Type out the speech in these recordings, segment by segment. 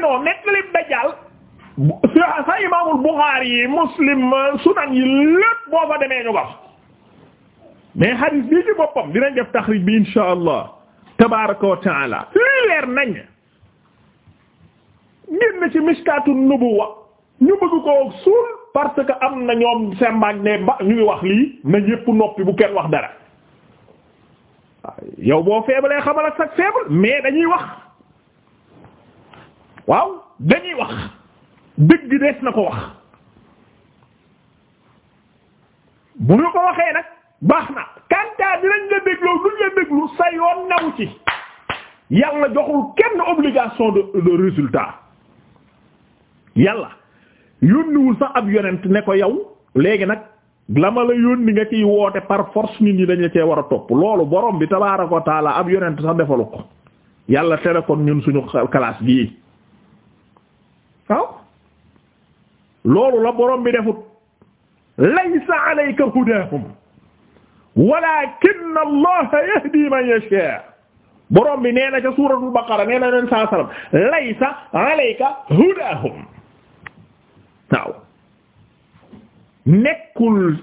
sinon nettali dajjaal sa imaamul Buxaari yi Muslim sunan yi lépp boo fa demee ñu gaf mais hadis bii ci boppam dinañ def taxrij bi insha allah tabaraka wa taala leer nañ génn ci miskatu nubuwa ñu bëgg ko suul parce que am na ñoom sembaag ne ba ñu wax lii na ñépp noppi bu kenn wax dara yow boo faible xamal ak sa faible mais dañuy wax waaw dañuy wax dëgg dees na ko wax bu ñu ko waxee nag baax na kantaa dinañ la déglu duñ la déglu sa yoon naw ci yàlla joxul kenn obligation de résultat yàlla yónniwul sax ab yonent ne ko yow léegi nag la ma la yónni nga ciy woote par force nit ñi dañ la cee war a topp loolu borom bi tabaaraka wa taala ab yonent sax defalu ko yàlla tere ñun suñu classe gii waaw loolu la borom bi defut laysa alayka hudaahum walakinna allaha yahdi man yasha borom bi nee na ca suuratul baqara nee na leen saa salaam laysa alayka hudaahum waaw nekkul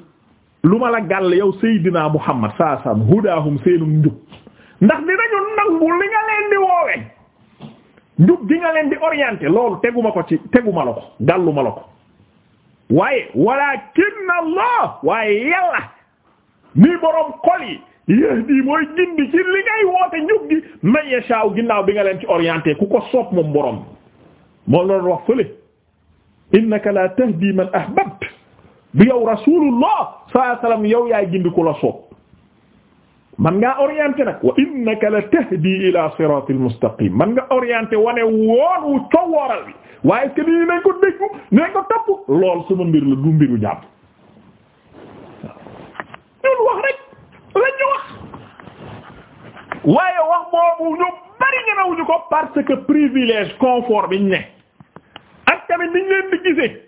lu ma la gàll yow Seydina Muhammad saa salaam hudaahum seenum njub ndax dinañu nangu li nga leen di woowe njub gi nga leen di orienter loolu ma ko ci tegu ma ko gàlluma la ko waaye walakin allah waaye yàlla nii boroom xol yi yahdi mooy gindi ci li ngay woote njub man yashaaw ginnaaw bi nga leen ci orienter ku ko soop moom boroom moo loolu wax fële innaka la tahdi man ahbabta bi yow rasulullah sallallahu alayhi wasallam yow yaay gindi ku la soob man nga orienté nag wa innaka la tahdi ila siratil mustaqim man nga orienté wane woon wu coowooral bi waaye est-ce que nii nañ ko déggu nañ ko topp lool sama mbir la du mbiru jàpp waaw ñun wax rek lañ ñu wax waaye wax boobu ñu bari ñemewuñu ko parce que privilège confort biñ ne ak tamit niñ leen di gisee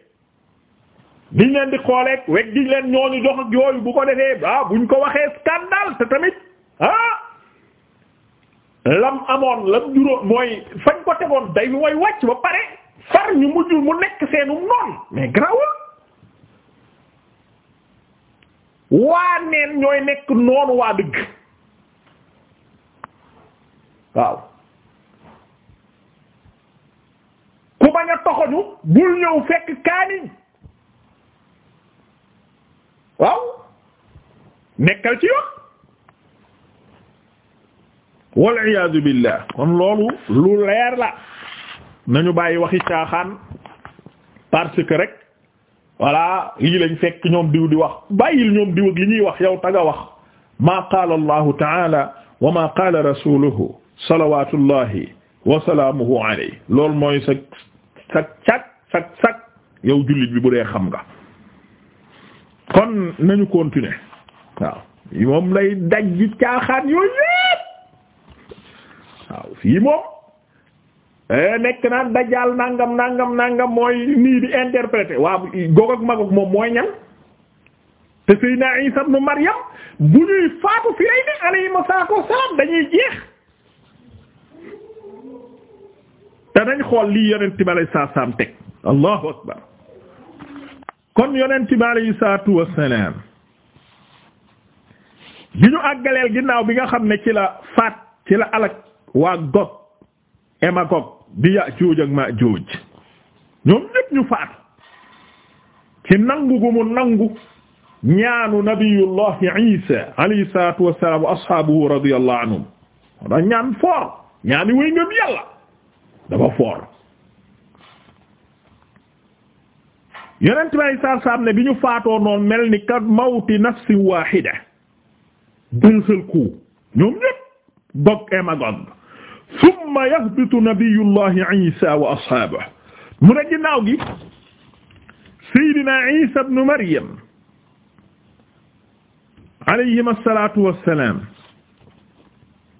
niñ leen di xooleeg weg diñ leen ñooñu jox ak yooyu bu ko defee ah buñ ko waxee scandale te tamit ah lam amoon lam juróom mooy fañ ko tegoon day mooy wàcc ba pare far ñu mujj mu nekk seenum noon mais grawul waa neen ñooy nekk noonu waa dëgg waaw ku bañ a toxoñu bul ñëw fekk kaani waaw nekkal ci yoon wal iyaadu billah kon loolu lu leer la na nañu bàyyi waxi caaxaan parce que rek voilà lii lañ fekk ñoom diw di wax bàyyil ñoom diw ak li ñuy wax yow taga wax maa qaala allahu taala wa maa qaala rasuluhu salawatullahi wa salaamuhu alayhi loolu mooy sa sak sak sak sak yow jullit bi bu dee kon nañu continuer waaw moom lay dajji caaxaan yooyu yépp waaw fii moom eh, nekk naan dajaal nangam nangam nangam mooy nii di interpréter waaw gog ak magog moom mooy ñan te Seydina Isa ibn Maryam bu ñuy faatu fi lay ne alayhi salaatu wassalaam dañuy jeex te nañ xool lii yonent bi alayhi salaam teg allahu akbar kon yonent bi alayhi salaatu wassalaam bi ñu àggaleel ginnaaw bi nga xam ne ci la faat ci la alak waa Gog et Magog bi Yaajuuj ak Maajuuj ñoom ñépp ñu faat ci nangu gu mu nangu ñaanu nabiyullahi Isa alayhi salaatu wassalaam wa ashaabuhu radiyallahu anhum ñaan foor ñaani way ngëm yàlla dafa foor yonent may saar saam ne bi ñu faatoo noonu mel ni ka mawti nafsi waahida d'un seul coup ñoom ñépp Gog et Magog summa yahbitu nabiyullahi Isa wa ashaabuhu mu ne ginnaaw gi Seydina Isa ibn Maryam alayhim assalatu wassalaam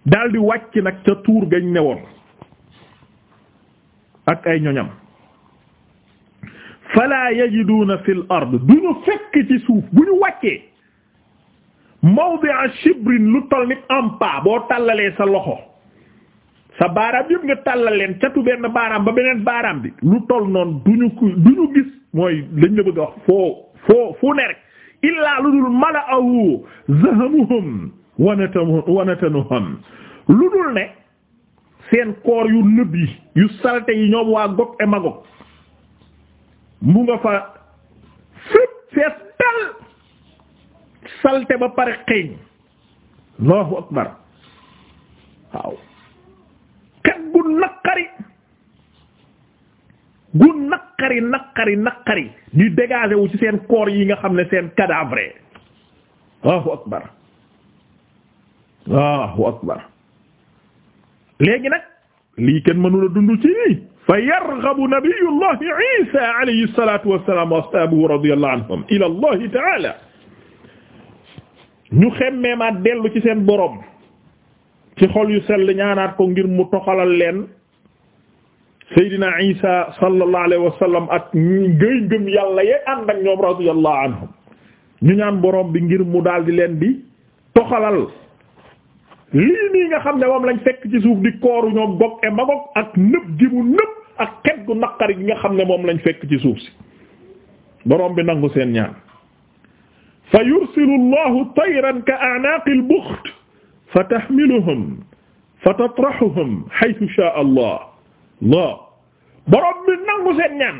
daldi wàcc nag ca tuur gañ newoon ak ay ñoñam fala yajiduuna fil ard duñu fekk ci suuf bu ñu wàccee mawdi'a shibrin lu toll ni am boo tàllalee sa loxo sa baaraam yëpp nga tàllal leen catu benn baaraam ba beneen baaraam bi lu toll noonu duñu duñu gis mooy lañ la bëgg a foo foo fu ne rek illaa lu dul mala'ahu zahamuhum wanatamu wanatanuhum lu dul ne seen koor yu nëb yi yu salte yi ñoom waa Gog et Magog mu nga fa fépp fees dal salte ba pare xeeñ allahu akbar waaw xet gu naqari gu naqari naqari naqari di dégager ci seen corps yi nga xam ne seen cadavre allahu akbar allahu akbar léegi nag lii kenn mënula dund ci fa yarghabu nabiyullahi Isa alayhi salatu wassalam wa ashabuhu radiyallahu anhum ila allahi ta'ala ñu xemmee ma dellu ci seen boroom ci xol yu sell ñaanaat ko ngir mu toxalal leen Seydina Isa sallallahu alayhi wa sallam ak ngay ngëm yàlla yee ànd ak ñoom radiyallahu anhum ñu ñaan boroom bi ngir mu daldi leen bi toxalal lii nii nga xam ne moom lañ fekk ci suuf di kooru ñoom Gog et Magog ak nëb gi mu nëb ak xet gu naqari gi nga xam ne moom lañ fekk ci suuf si borom bi nangu seen ñaan fa yursilu llahu tayran ka a'naaqi al-bukht fa tahmiluhum fa tatrahuhum haythu shaa Allah Allah bi nangu seen ñaan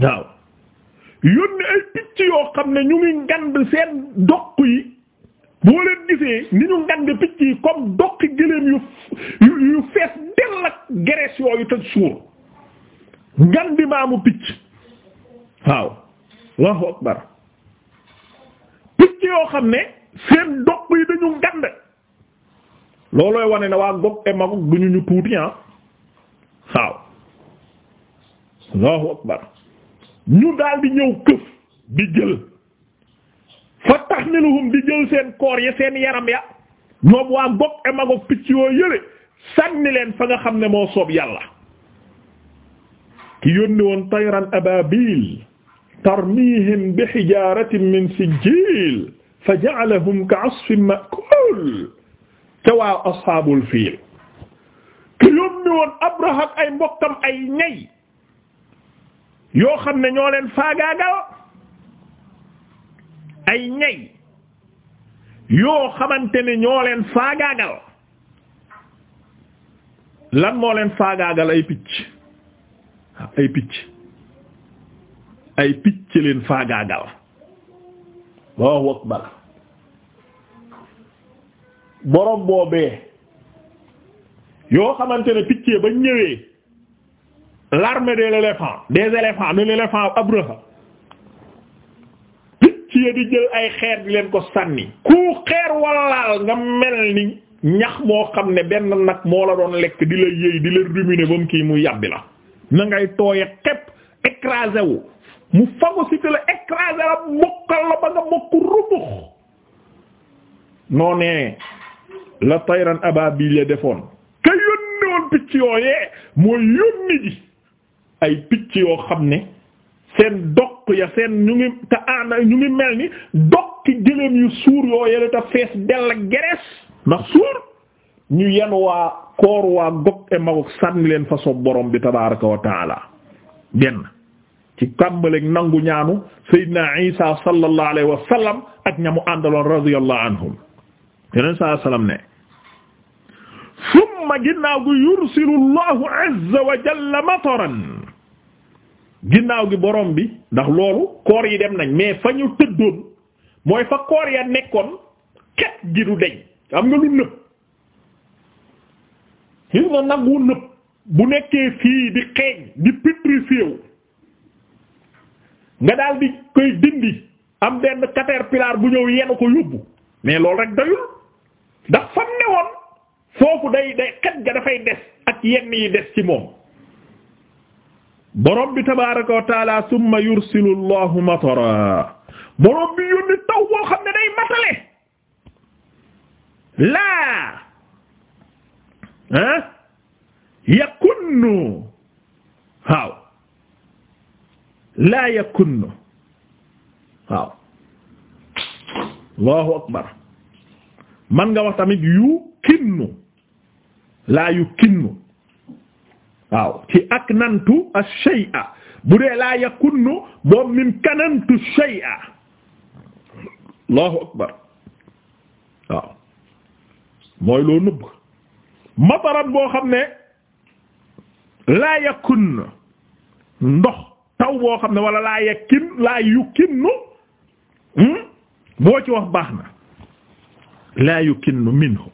waaw yónni ay picc yoo xam ne ñu ngi ngand seen doq yi boo leen gisee ni ñu ngang picc yi comme doqi gëléem yu yu fees dell ak gerees yooyu tëj suur ngan maamu picc waaw Allahu akbar picc yoo xam ne seen doq yi dañu ngand loolooy wane ne waa gog e magog duñu ñu tuuti ah waaw Allahu akbar ñu daal ñëw këf di jël fa tahmiluhum di jël seen koor ya seen yaram ya ñoom waa gog e magog picc yoo yële sànni leen fa nga xam ne moo soob yàlla ki yónni woon tayran ababil tarmihim bi hijaratin min sijil fa ja'alahum ka'asfin ma'kul te waa ashabul fiil ki yónni woon abraha ak ay mbokkam ay ñay yoo xam ne ñoo leen faagaagal ay ñay yoo xamante ne ñoo leen faagaagal lan moo leen faagaagal ay picc ay picc ay picc leen faagaagal Allahu akbar boobee yoo xamante ne picc ba ñëwee l'armée de l'éléphant des éléphants de l'éléphant Abraha ya di jël ay xeer di leen ko sànni ku xeer wallaal nga mel ni ñax moo xam ne benn nag moo la doon lekk di la yëy di la ruminer ba mu kii mu yàbbi la na tooye xepp écrasé mu phagocyté la écrasé la mokkal la ba nga mokk rubux noo ne la tayran ababil ya defoon ka yónni woon picc yooyee mooy yónni ji ay picc yoo xam ne seen dox doq ya seen ñu ngi te ana mel ni doq gëléem yu suur yoo yële fees dell gerees ndax suur ñu yen waa koor waa gog e magog sànni leen fa soob borom bi tabaaraka wa taala genn ci kàmbaleeg nangu ñaanu Seydina Isa sallallahu alayhi wa ak ñamu àndaloon radiyallahu anhum yeneen saa salaam ne summa ginnaaw gu Allahu azza wa jalla ginnaaw gi borom bi ndax loolu koor yi dem nañ mais fa ñu tëddoon mooy fa koor ya nekkoon xet gi du deñ am na lu nëb gis nga nag wu nëb bu nekkee fii di xeeñ di pétrifié wu nga daal di koy dindi am benn caterpillar bu ñëw yenu ko yóbbu mais loolu rek doyul ndax fam ne foofu day day xet ga dafay des ak yenn yi des ci moom borom bi tabaaraka wa taala summa yursilu llahu matara borom bi yónni taw boo xam ne day matale laa ah yakunnu waaw laa yakunnu waaw allahu akbar man nga wax tamit yukinnu laa yukinnu waaw ci ak nantu ash-shay'a bu dee laa yakunnu boobu min kanantu shay'a allahu akbar waaw mooy loo nëbb matarat boo xam ne laa yakun ndox taw boo xam ne wala laa yakkin laa yukinnu hmm? boo ci wax baax na laa yukinnu minhu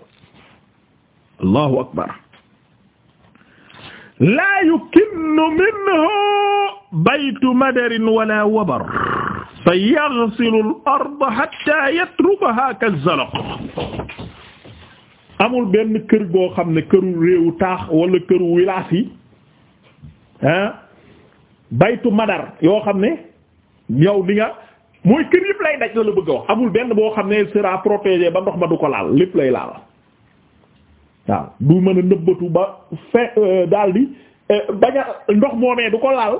allahu akbar laa yukinnu minhu baytu madarin wala wabar fa yaghsilu al-arda hatta yatrukaha kazalaq amul benn kër goo xam ne këru réewu taax wala këru wilaas yi ah baytu madar yoo xam ne yow di nga mooy kër yëpp lay daj la la bëgg a wax amul benn boo xam ne sera protégé ba ndox ma du ko laal lépp lay laal waaw du mën a nëbbatu ba fin euh, daldi euh, bañ ndox moomee du ko laal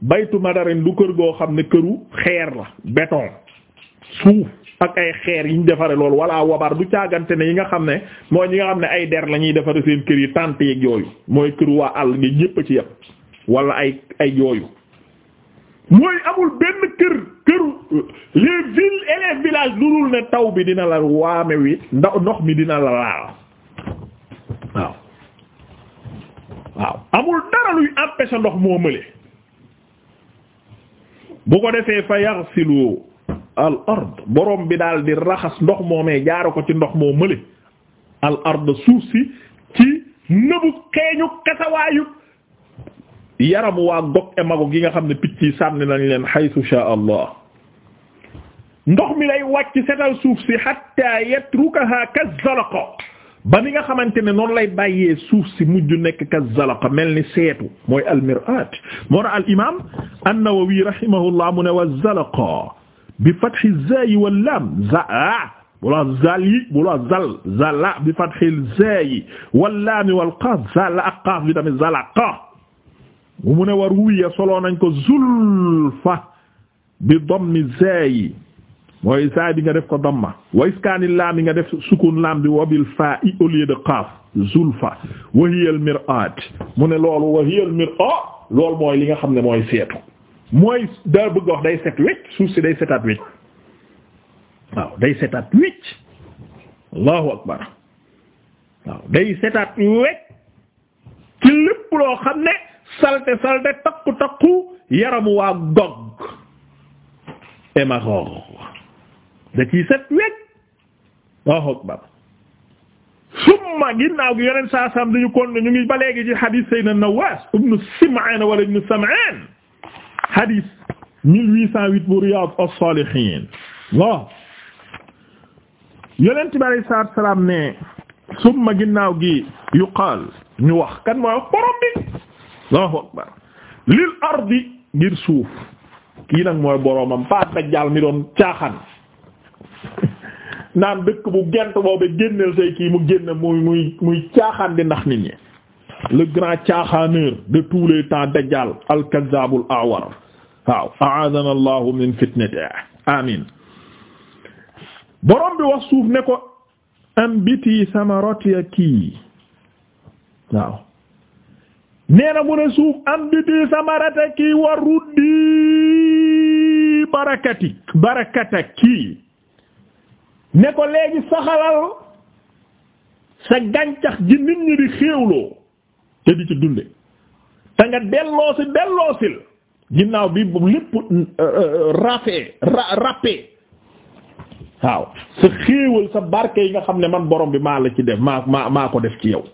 baytu madarin du kër goo xam ne këru xeer la béton suuf ak ay xeer yi ñu defare loolu walla wabar du caagante ne yi nga xam ne mooy ñi nga xam ne ay der la ñuy defare seen kër yi tànt yooyu mooy kër waa àll gi ñépp a ci yem walla ay ay yooyu mooy amul benn kër këru les villes et les lu ne taw bi dina la waame wi ndax ndox mi dina la laal waaw amul dara luy empêcher ndox moo mële bu ko defee fa yaghsilu al ard borom bi daal di raxas ndox moomee jaaro ko ci ndox moo mële al suuf si ci nëbu xeeñu kasawaayu yaramu waa gog e mago gi nga xam ne picc yi nañ leen haythu sha allah ndox mi lay wàcc setal suuf si hatta yatrukaha kazalaqa ba ni nga xamante ne noonu lay bàyyee suuf si mujj nekk ka zalaqa mel ni seetu mooy almiraat moo ra al imam an-Nawawi rahimahullah mu ne wa zalaqa bi fathi zayi wal lam yi bi fathi zayi wal lam wal qaaf zala qaaf tamit zalaqa mu ne war wuya soloo nañ ko zulfa bi dammi zayi mooy saa bi nga def ko damma wa iskaanil laam yi nga def sukun laam bi wabil faa i au lieu de zulfa wa hiya al mu ne loolu wa hiya al mir'at mooy li nga xam ne mooy seetu mooy daa bëgg wax day set wecc suuf si day setaat wecc waaw day setaat wecc allahu akbar waaw day setaat wecc ci lépp loo xam ne salte salte takku takku yaramu waa gog emaroor da ciy set wecc waaw akbar summa ginnaaw gi yeneen saa saam dañu kon ñu ngi ba léegi ci hadith Seydina Nawaas ibnu Sim'aan wala ibnu Sam'aan hadith 1808 bu Riyaad as-Saalihiin waaw yeneen bi alayhi salaatu salaam ne summa ginnaaw gi yuqaal ñu wax kan mooy wax borom bi Allahu akbar lil ardi ngir suuf kii nag mooy boromam pa Dajjaal mi doon caaxaan. naan dëkk bu gent boobu génneel say kii mu génn muy muy caaxaan di ndax nit ñi le grand caaxaaneur de tous les temps dajjal alkazabul awar waaw aadana allahu min fitnati amin borom bi wax suuf ne ko ambiti samarati ya kii waaw nee na ne suuf ambiti samarati kii wa ruddi barakati barakata kii ne ko léegi saxalal sa gàncax gi nit ñi di xéewloo te di ci dunde te nga delloosi delloosil ginnaaw bi lépp euh, euh, rafee rappee waaw sa xéewal sa barke yi nga xam ne man borom bi maa la ci def maa maa maa ko def ci yow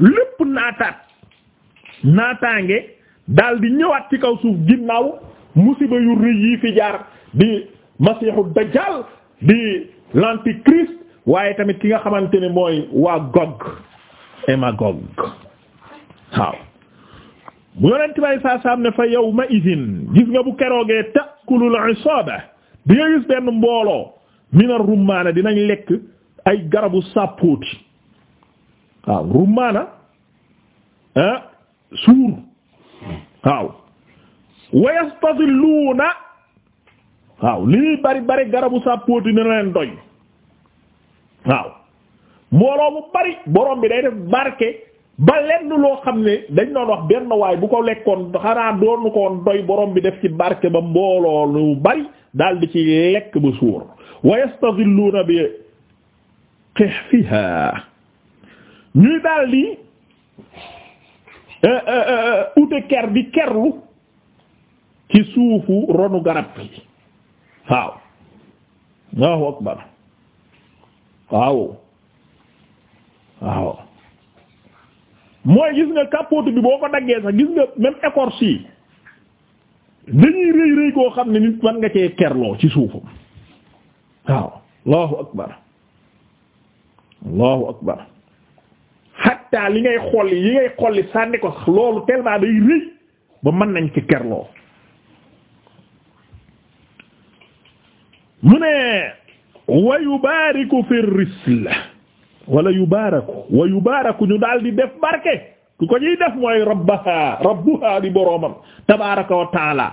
lépp naataat naataange daal di ñëwaat ci kaw suuf ginnaaw musiba yu rëy yi fi jaar di masiixu dajjal di l'antichrist waaye tamit ki nga xamante ne mooy waa Gog et Magog waaw mu yonent bay saa ne fa yawma idin gis nga bu keroogee ta'kulul isaba bi nga gis benn mbooloo minar rummaana dinañ lekk ay garabu sàppooti waaw rummaana ah suur waaw wa waaw li ñuy bari bari garabu sàppooti dina leen doy waaw mbooloo mu bari borom bi day def barke ba lenn loo xam ne dañ doon wax benn waay bu ko lekkoon xanaa doonu koon doy borom bi def ci barke ba mbooloo lu bari daal di ci lekk ba suur wa yastazilluuna bi qihfiha ñuy daal di euh, euh, euh, ute ker di kerlu ci suufu ronu garab bi waaw Allahu akbar waaw waaw mooy gis nga capote bi boo ko daggee sax gis nga même écorce yi dañuy rëy rëy koo xam ne nit man nga cee kerloo ci suufam waaw Allahu akbar Allahu akbar hatta li ngay xolli yi ngay xolli sànni ko sax loolu tellement day rëy ba mën nañ ci kerloo mu ne wa yubaariku la risl wala yubaaraku wa yubaaraku ñu daal di def barke ku ko ñuy def mooy rabbaha rabbuha di boroomam tabaraka wa taala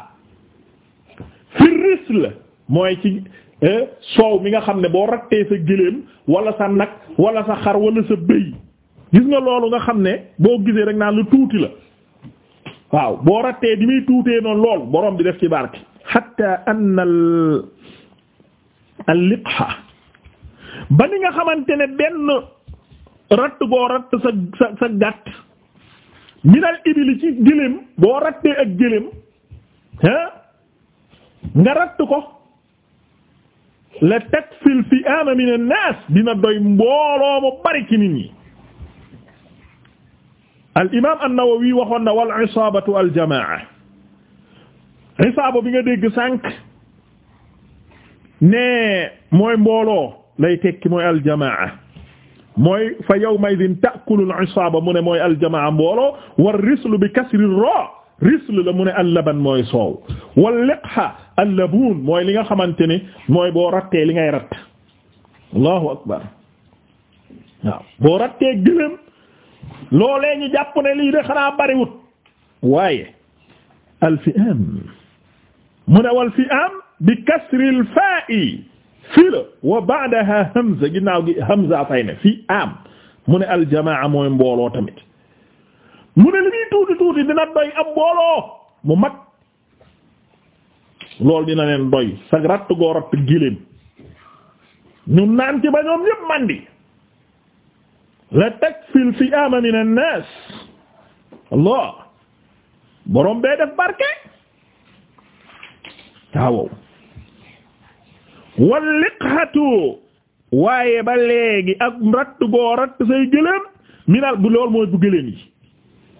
fi risl mooy ci eh, soow mi nga xam ne boo rattee sa gëléem wala sa nag wala sa xar wala sa bëy gis nga loolu nga xam ne boo gisee rek naa lu tuuti la waaw boo rattee di muy tuutee noonu lool boroom di def ci barke hatta anna al-liqha nga xamante ne benn ratt boo ratt sa sa sa gàtt ci gëléem boo rattee ak gëléem ah nga ratt ko la takfil fi ama min an-nas dina doy mbooloo mu bari ci nit ñi al imam waxoon na wal isaabatu al jamaa isaaba bi nga dégg sànq ne mooy mbooloo lay tekki mooy aljamaa mooy fa yawmaidin ta'kulu al-isaaba mu mooy aljamaa mbooloo war rislu bi kasri risl la mu allaban mooy soow wal liqha allabuun mooy li nga xamante ni mooy boo rattee li ngay ratt allahu akbar waaw boo rattee gëléem loolee ñu jàpp ne bariwut waaye alfi'aam mu ne walfi'aam bi kasril fa'i fii la wa ba'daha hamza ginnaaw gi hamza fay ne fii am mu ne aljamaa mooy mbooloo tamit mu li ñuy tuuti tuuti dina doy am mbooloo mu mag loolu dina leen doy sa ratt goo ratt giléem ñu naan ci ba ñoom ñépp mandi la takfil fi ama min an-nas borom bee def barke waaw wal liqhatu waaye ba léegi ak ratt goo ratt say gëléem minal bu loolu mooy bu gëléem yi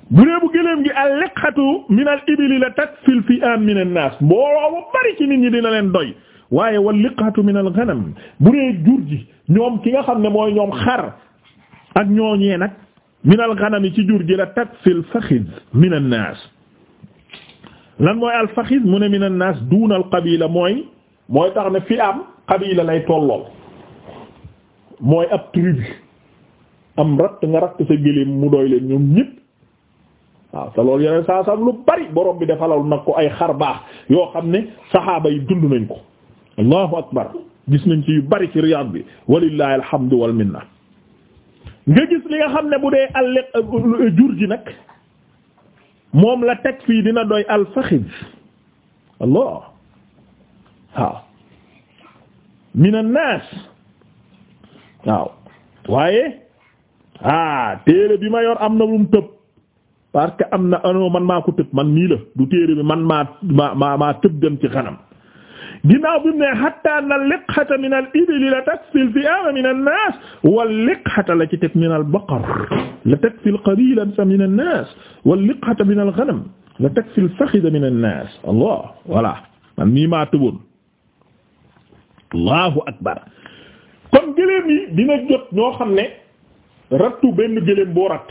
bu dee bu gëléem gi al liqhatu minal ibili la takfil fi am min an naas mbooloo bu bari ci nit ñi dina leen doy waaye wal liqhatu minal ghanam bu dee jur ji ñoom ki nga xam ne mooy ñoom xar ak ñooñee nag minal ghanam ci jur ji la takfil faxiz min an naas lan mooy al faxiz mu ne min an naas duunal qabila mooy mooy tax ne fii am xabila lay tollool mooy ab tribu am ratt nga ratt sa géléem mu doy leen ñoom ñépp waaw te lool yeneen saa sam lu bari borom bi defalal nag ko ay xar baax yoo xam ne saxaaba yi dund nañ ko allahu akbar gis nañ ci yu bari ci Riyad bi walillahi alhamdu wal minna nga gis li nga xam ne bu dee al jur gi nag moom la teg fii dina doy al faxiz allah waaw min an-nas waaw waaye ah téere bi ma yor am na lum tëb parce que am na ano ah, man maa ko tëb man nii la du téere bi man maa ma ma maa tëb dem ci xanam ginnaaw bi mu ne hatta na liqhata min al ibli la takfi al fi'ama min an nas wal liqhata la ci teg min al baqar la takfi al qabilan fa min an nas wal liqhata min al ghanam la takfi al fakhida min an nas allah voilà man nii maa tëboon allahu akbar kon gëléem yi dina jot ñoo xam ne rattu benn gëléem boo ratt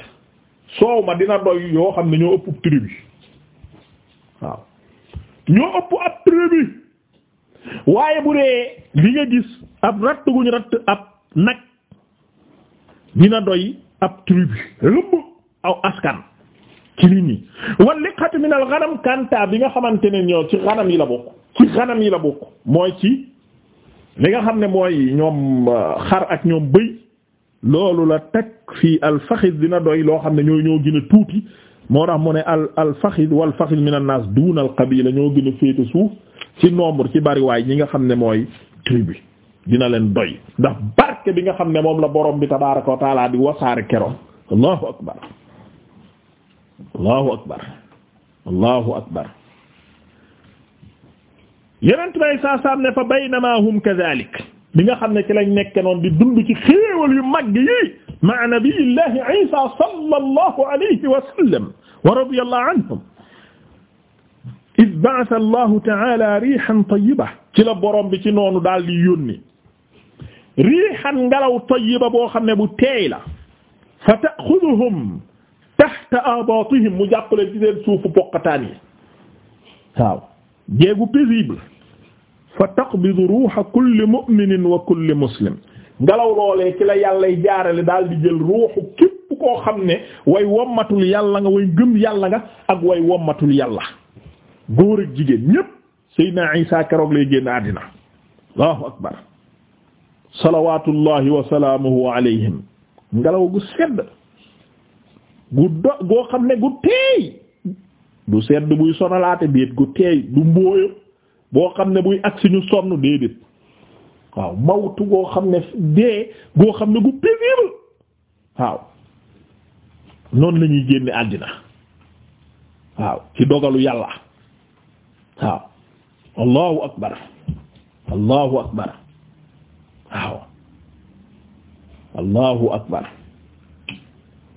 soow ma dina doy yoo xam ne ñoo ëpp tribu waaw ñoo ëpp ab tribu waaye bu dee li nga gis ab ratt guñ ratt ab nag dina doy ab tribu lëbb aw askan ci nit ñi wal liqat min al ghanam kanta bi nga xamante ne ñoo ci ghanam yi la bokk ci ghanam yi la bokk mooy ci li nga xam ne mooy ñoom euh, xar ak ñoom bëy loolu la teg fii alfaxis dina doy loo xam ne ñoo ñoo gën a tuuti moo tax mu ne al alfaxis walfaxis min an-nas duna al-qabila ñoo gën a féete suuf ci nombre ci bariwaay ñi nga xam ne mooy tribu dina leen doy ndax barke bi nga xam ne moom la borom bi tabaaraka wa taala di wasaare keroom allahu akbar allahu akbar allahu akbar yeneen may saa saam ne fa baynama hum kadhalik bi nga xam ne ci lañ nekke noon di dund ci xéewal yu màgg yi ma nabiyillahi isa sallallahu alayhi wa sallam wa radiyallahu anhum iz ba'atha allahu ta'ala rihan tayyiba ci la borom bi ci noonu daal di yónni rihan ngelaw tayyiba boo xam ne bu teey la fa ta'khudhuhum tahta abatihim mu jàppale ci seen suufu poqataan yi waaw jéegu paisible fa taqbidu ruuxa kulli mu'minin wa kulli muslim ngelaw loolee ci la yàllay jaarale daal di jël ruuxu képp koo xam ne way wommatul yàlla nga way gëm yàlla nga ak way wommatul yàlla góor ak jigéen ñépp Seydina Isa keroog lay génn àddina allahu akbar salawatullahi wa salaamuhu alayhim ngelaw gu sedd gu do goo xam ne gu teey du sedd buy sonalaate déet gu teey du mbóoyo boo xam ne buy agsi ñu sonn déedéet waaw mawtu goo xam ne dee goo xam ne gu paisible waaw noonu lañuy génne àddina waaw ci dogalu yàlla waaw allahu akbar allahu akbar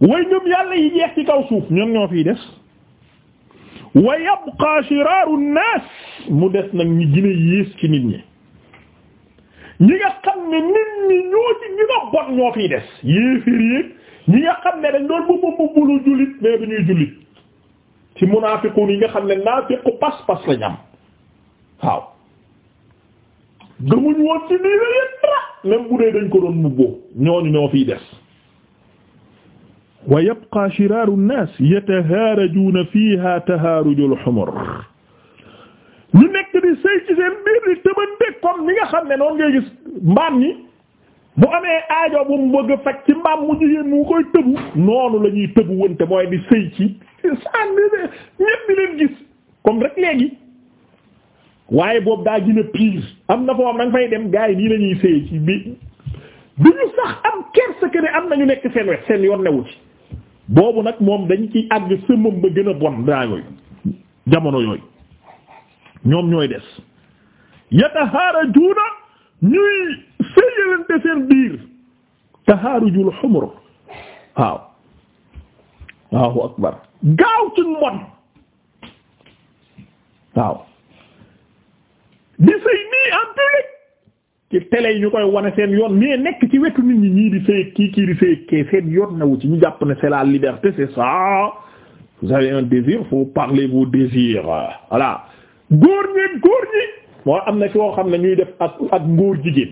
way ñoom yàlla yi jeex ci kaw suuf ñoom ñoo fiy des wa yabqa shiraaru naas mu des nag ñi gën a yées ci nit ñi ñi nga xam ne nit ñi ñoo ci gën a ñoo fiy des yéefir yi ñi nga xam ne dañ doon bu bu lu jullit mais bu jullit ci munaafiqun yi nga xam ne naafiqu pas-pas lañ am waaw gëmuñ woon ci diine yépp même bu dee dañ ko doon mubboo ñooñu ñoo fiy des wa yabqa shiraaru nnaas yatahaarajuuna fiihaa tahaarujul humur ñu nekk di sëy ci seen nga xam ne bu amee aajo mbaam mu mu koy tëbu noonu la ñuy tëbu wante mooy di sëy léegi waaye boobu daa gën a pire am na foo am da fay dem gars yi nii lañuy ñuy sëy ci bi ñu sax am kersa que ne am na ñu nekk seen wet seen yoon newu boobu nag moom dañ ci àgg sëmam ba gën a bon daa jamono yooyu ñoom ñooy des yatahaara juuna ñuy séyalante seen biir tahaarujul xumur waaw waaw akbar gaaw ci mbon waaw di sëy nii en public ci télé yi ñu koy wane seen yoon mais nekk ci wetu nit ñi ñii di sëy kii kii di sëy kee seen yoon na ci ñu jàpp ne c'est la liberté c'est ça vous avez un désir faut parler vos désirs voilà góor ñi góor ñi moo am na soo xam ne ñuy def ak ak ngóor jigéen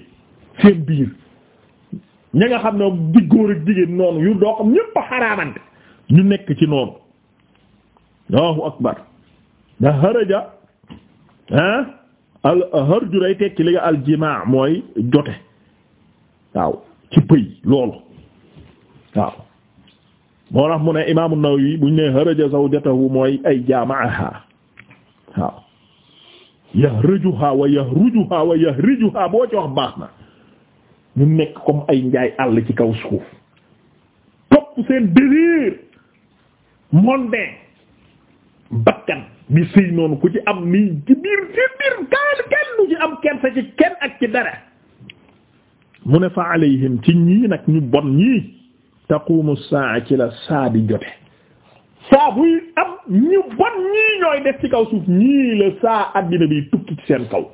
seen biir ña nga xam ne di góor ak jigéen noonu yu doo xam ñëpp xaraamante ñu nekk ci noonu Allahu akbar da haraja ah al harju day tekki li nga mooy jote waaw ci pëy loolu waaw moo tax mu ne imaamu Nawawi buñ ne haraja zawjatahu mooy ay jaamaaha waaw yahrujuha wa yahrujuha wa yahrijuha boo ci wax baax na ñu nekk comme ay njaay àll ci kaw suuf topp seen désir mondain bakkan bi sëy noonu ku ci am nii ci biir ci ci am kenn sa ci kenn ak ci dara mu ne fa alayhim ci ñii nag ñu bon ñii taqumu saa ci la saa di jote saa am ñu bon ñii ñooy def ci kaw ñii la saa àddina bi tukki ci seen kaw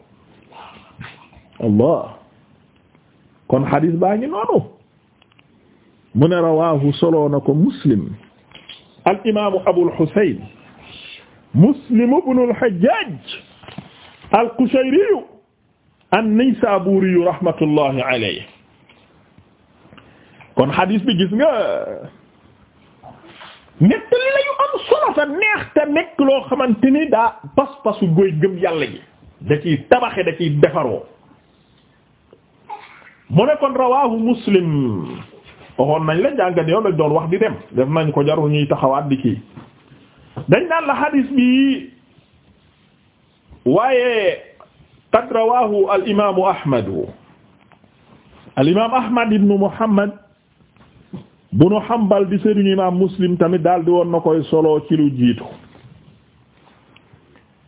allah kon xadiis baa ngi noonu mu ne rawaahu solo na ko muslim al imaamu abul xuseyn Muslim ibn al-Hajjaj al-Qushayri an-Naysaburi rahmatullahi ale kon xadis bi gis nga nettali la yu am solo sa neex te nekk loo xamante ni daa pas-pasu góoy yàlla da ciy tabaxe da ciy defaroo moo ne kon rawahu Muslim waxoon nañ la jàngat yoon lañ doon wax di dem def nañ ko jaru ñuy taxawaat di kii dañ naan la xadis bi waaye qad rawahu al imaamu ahmadu al imaam ahmad ibnu muhammad bunu Hanbal di sëriñu imaam Muslim tamit daal di woon na koy solo ci lu jiitu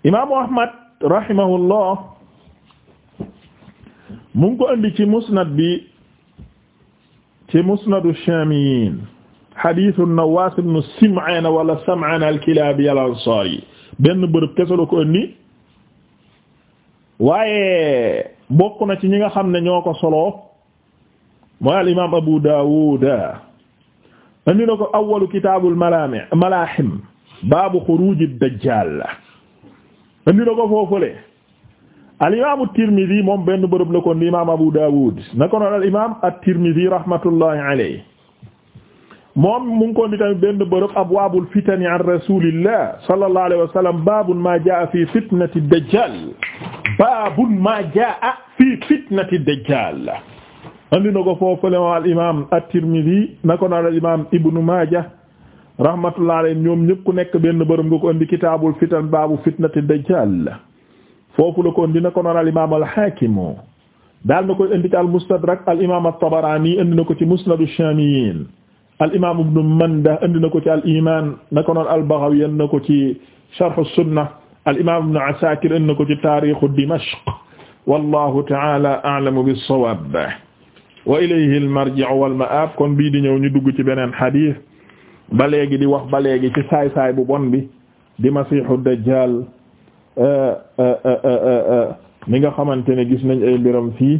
imaamu Ahmad rahimahullah mu ngi ko indi ci musnad bi ci musnadu shaamiyiin xadiisu Nawaas ibn Sim'aan wala Sam'aan al-Kilaabi al-Ansaari benn bërëb kese la ko indi waaye bokk na ci ñi nga xam ne ñoo ko solo mooy al-imaam Abu Daawuud indi na ko awwalu kitaabul malaami' malaahim baabu xuruuji dajjaal indi na ko foofule al-imaam at-Tirmidhi moom benn bërëb la ko indi imaam Abu Daawuud na ko noon al-imaam at-Tirmidhi rahmatullahi alayhi moom mu ngi ko ni tamit benn bërëb abwaabul fitani an rasulillah sallallahu alayhi wa sallam baabun ma jaa fi fitnati dajjal baabun ma jaa fi fitnati dajjal andi na ko foofule ma al imaam at-Tirmidhi nako na al imaam Ibn Maaja rahmatullahi alayhi ñoom ñëpp ku nekk benn bërëb nga ko andi kitaabul fitan baabu fitnati dajjal foofu la ko andi nako na al imaam al-Haakim daal na koy andi ci al-Mustadrak al imaam at-Tabarani andi na ko ci Musnad ash-Shaamiyyin al imaam ibnu manda indi na ko ci al iman naka noonu al baghawi indi na ko ci sharh as-sunna al imaam ibnu asakir indi na ko ci taarixu dimashq wallahu ta'ala a'lamu bis-sawab wa ilayhi al-marji'u wal ma'ab kon bii di ñëw ñu dugg ci beneen xadiis ba léegi di wax ba léegi ci saay saay bu bon bi di masiixu dajjal mi nga xamante ne gis nañ ay mbiram fii